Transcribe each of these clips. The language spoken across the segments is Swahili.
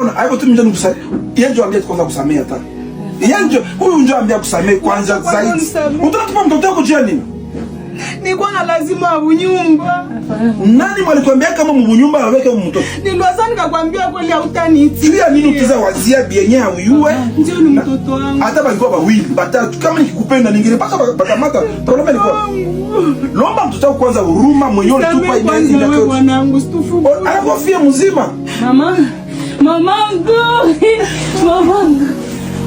Ona hapo tu mjana nikusamehe. Yeye ndio ambaye kwanza kusamehe hata. Yeye ndio huyu ndio ambaye kusamehe kwanza zaidi. Utatupa mtoto wako jia nini? Nilikuwa na lazima abunyumba. Nani mwalikwambia kama mbunyumba aweke mtoto? Niliwaza nikakwambia kweli hautanitii. Tia nini ukiza wazia bienye huyue? Ndio ni mtoto wangu. Hata bangikuwa bawili, batatu kama nikikupenda ningine paka bakamata. Problem ni kwa. Lomba mtoto wako kwanza huruma mwenyewe tupa imani ndio. Bwana wangu situfu. Alafu afia mzima. Mama. Mamangu, mamangu,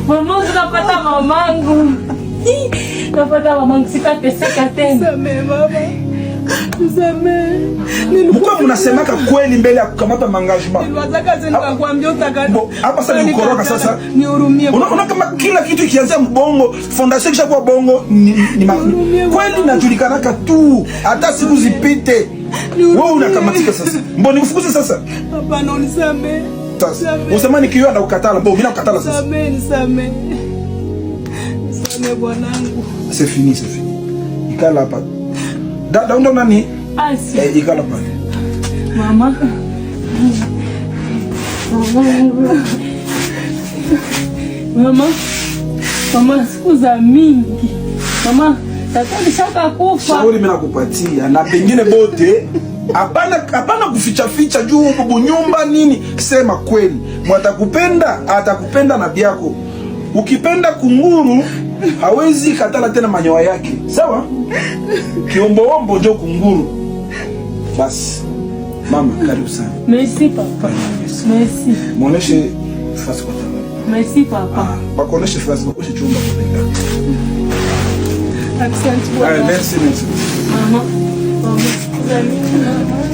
mamangu, napata mamangu, napata mamangu, sitateseka tena. Mkua munasemaka kweli mbele ya kukamata mangajma hapa. Sasa ni ukoroka sasa, unaona kama kila kitu ikianzia mbongo, fondation kishakuwa bongo. Kweli najulikanaka tu, hata siku zipite, wewe unakamatika sasa. Mbona nikufukuze sasa? Hapana, unisamee sasa. Usemani kiwa na ukatala, mbona mimi nakukatala sasa? Samee, samee. Samee bwanangu. C'est fini, c'est fini. Ikala hapa. Dada unda nani? Asi. Eh, ikala hapa. Mama. Mama. Mama. Mama, siku za mingi. Mama, tata nishaka kufa. Shauri mimi na pengine bote Hapana, hapana ficha juu huko nyumba nini, sema kweli. Mwatakupenda, atakupenda na yako. Ukipenda kunguru hawezi katala tena manyoya yake, sawa? Kiomboombo jo kunguru. Basi mama, karibu sana. Merci papa. Merci. Mwoneshe fasi kwa tawali. Merci papa. Ah, bakoneshe fasi kwa kushi chumba kwa tawali. Asante bwana. Merci, merci. Mama. Mama. 在那。